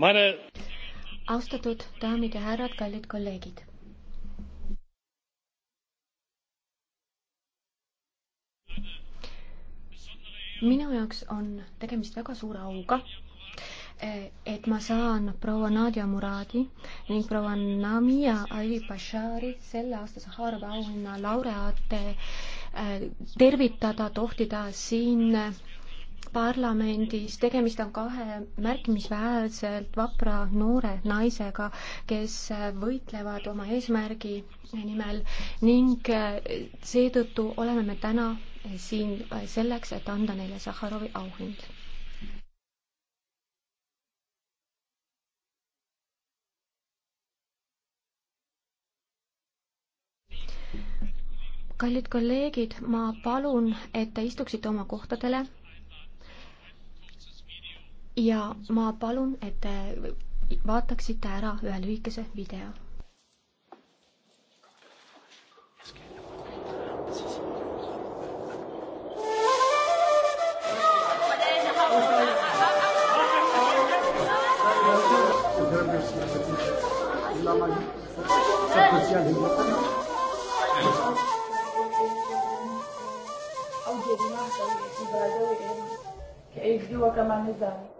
Meine... austatud daamid ja härrad, kallid kolleegid. minu jaoks on tegemist väga suure auga eh, et ma saan proua Nadia Muradi ning proua Namia Ali Bashari selle aasta Sahara auhinna laureaate eh, tervitada, tohtida siin parlamendis, tegemist on kahe märkimisväärselt vapra noore naisega, kes võitlevad oma eesmärgi nimel ning seetõttu oleme me täna siin selleks, et anda neile Sahharovi auhind. kallid kolleegid, ma palun, et te istuksite oma kohtadele ja ma palun, et te vaataksite ära ühe lühikese video. أوجد نحصل في بلدوي كيف دوا كمان نزاني